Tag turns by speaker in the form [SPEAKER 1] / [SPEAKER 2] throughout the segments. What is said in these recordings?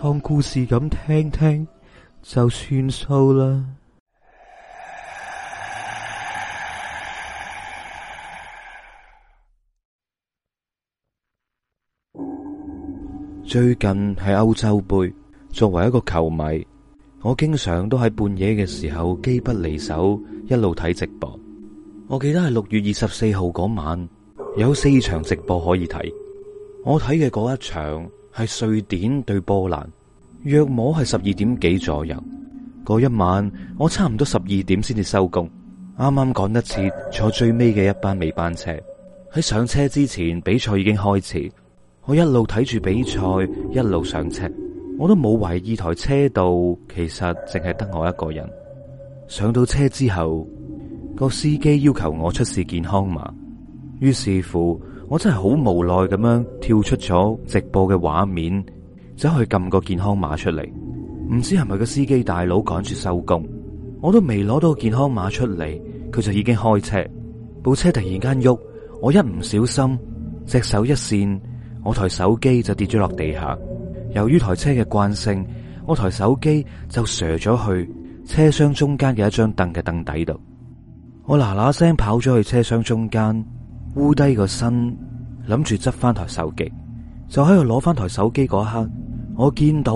[SPEAKER 1] 當故事咁聽聽就算數啦。最近係歐洲杯，作為一個球迷，我經常都喺半夜嘅時候機不離手，一路睇直播。我記得係六月二十四號嗰晚，有四場直播可以睇。我睇嘅嗰一場。係瑞典對波蘭，約摸係十二點幾左右。嗰一晚我差唔多十二點先至收工，啱啱趕得切坐最尾嘅一班尾班車。喺上車之前，比賽已經開始。我一路睇住比賽，一路上車，我都冇懷疑台車度其實淨係得我一個人。上到車之後，個司機要求我出示健康碼，於是乎，我真係好無奈咁樣跳出咗直播嘅畫面，走去撳個健康碼出嚟。唔知係咪個司機大佬趕住收工，我都未攞到健康碼出嚟，佢就已經開車。部車突然間喐，我一唔小心，隻手一閃，我台手機就跌咗落地下。由於台車嘅慣性，我台手機就斜咗去車廂中間嘅一張凳嘅凳底度。我嗱嗱聲跑咗去車廂中間。烏低個身，諗住執翻台手機，就喺度攞翻台手機嗰刻，我見到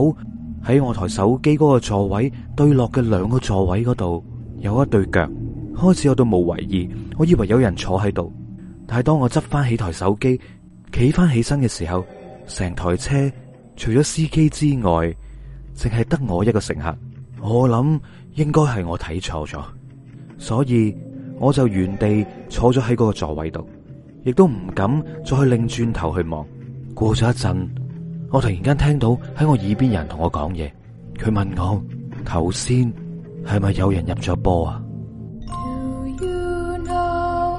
[SPEAKER 1] 喺我台手機嗰個座位對落嘅兩個座位嗰度有一對腳，開始我都冇懷疑，我以為有人坐喺度，但係當我執翻起台手機，企翻起身嘅時候，成台車除咗司機之外，淨係得我一個乘客，我諗應該係我睇錯咗，所以我就原地坐咗喺嗰個座位度。亦都唔敢再擰轉頭去望。過咗一陣，我突然間聽到喺我耳邊有人同我講嘢。佢問我頭先係咪有人入咗波啊？You
[SPEAKER 2] know,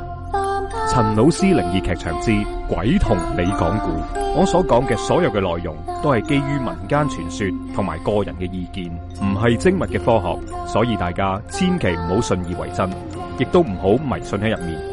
[SPEAKER 2] 陳老師靈異劇場之鬼同你講故，'m 我所講嘅所有嘅內容都係基於民間傳說同埋個人嘅意見，唔係精密嘅科學，所以大家千祈唔好信以為真，亦都唔好迷信喺入面。